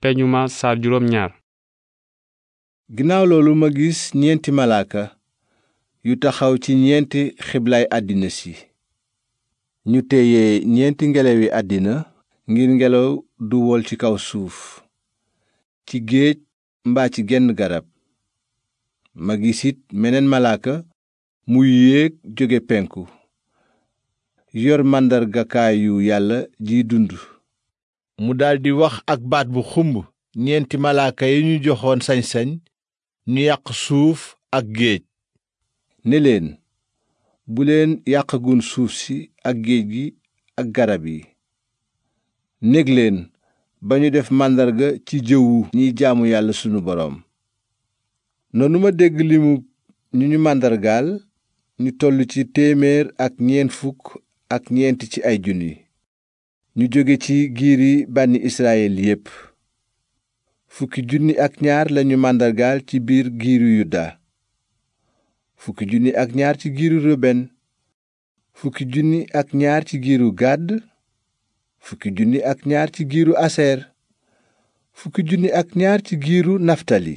peñu ma saar juróom ñaar ginnaaw loolu ma gis ñeenti malaaka yu taxaw ci ñeenti xiblaay àddina si ñu téye ñeenti ngelawi àddina ngir ngelaw du wol ci kaw suuf ci géej mbaa ci genn garab ma gis it meneen malaaka muy yéeg jóge penku yor màndargakaayu yàlla jiy dund mu daldi wax ak baat bu xumb ñeenti malaaka yi ñu joxoon sañ-sañ ñu yàq suuf ak géej ne leen bu leen yàqagun suuf si ak géej gi ak garab yi néeg leen ba ñu def màndarga ci jëwu ñiy jaamu yàlla sunu boroom noonu ma dégg limu ñu ñu màndargaal ñu toll ci téeméer ak ñeent fukk ak ñeent ci ay junni ñu jóge ci giiri bànni Israyil yépp fukki junni ak ñaar lañu màndargaal ci biir giiru Yuda fukki junni ak ñaar ci giiru Ruben fukki junni ak ñaar ci giiru Gàdd fukki junni ak ñaar ci giiru Aseer fukki junni ak ñaar ci giiru Naftali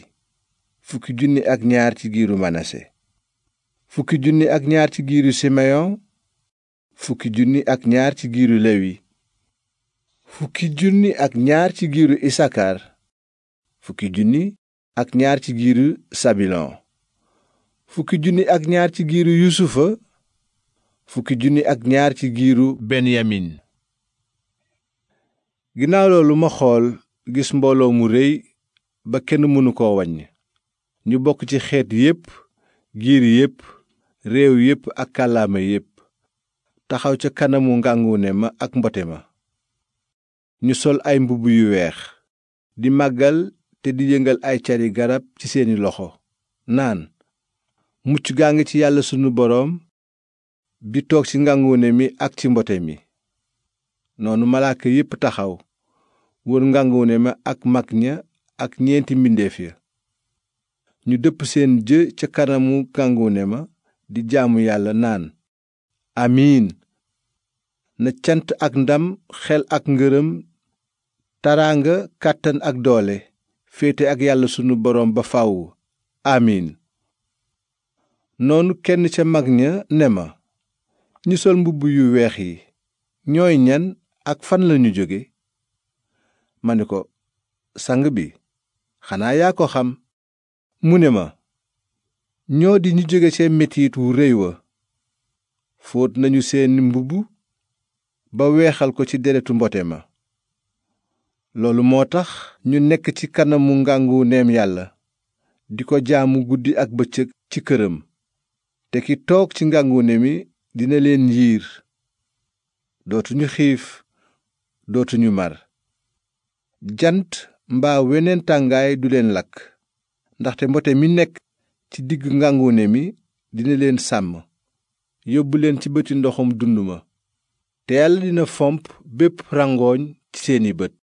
fukki junni ak ñaar ci giiru Manase fukki junni ak ñaar ci giiru Simeyon fukki junni ak ñaar ci giiru Lewi fukki junni ak ñaar ci giiru isakar fukki junni ak ñaar ci giiru sabilon fukki junni ak ñaar ci giiru yusufa fukki junni ak benyamin ginnaaw loolu ma xool gis mbooloo mu réy ba kenn mënu koo waññ ñu bokk ci xeet yépp giir yépp réew yépp ak kàllaama yépp taxaw ca kanamu ngàngu ma ak mbote ma ñu sol ay mbubb yu weex di màggal te di yëngal ay cari garab ci seeni loxo naan mucc gaa ngi ci yàlla sunu boroom bi toog ci ngànguune mi ak ci mbote mi noonu malaaka yépp taxaw wër ngànguune ma ak mag ña ak ñeenti mbindeef ya ñu dëpp seen jë ca kanamu ngànguune ma di jaamu yàlla naan amiin na cant ak ndam xel ak ngërëm taraanga kàttan ak doole féete ak yàlla sunu boroom ba faw amiin noonu kenn ca mag ña ne ma ñu sol mbubb yu weex yi ñooy ñan ak fan lañu jóge ma ni ko sang bi xanaa yaa ko xam mu ne ma ñoo di ñu jóge ca metit wu réy wa fóot nañu seen mbubb ba weexal ko ci deretu mbote ma loolu moo tax ñu nekk ci kanamu ngangu neem yàlla di ko jaamu guddi ak bëccëg ci këram te ki toog ci ngàngune mi dina leen yiir dootuñu xiif dootuñu mar jant mbaa weneen tàngaay du leen lakk ndaxte mbote mi nekk ci digg ngàngune mi dina leen sàmm yóbbu leen ci bëti ndoxum dund ma te yàlla dina fomp bépp rangooñ ci seeni bët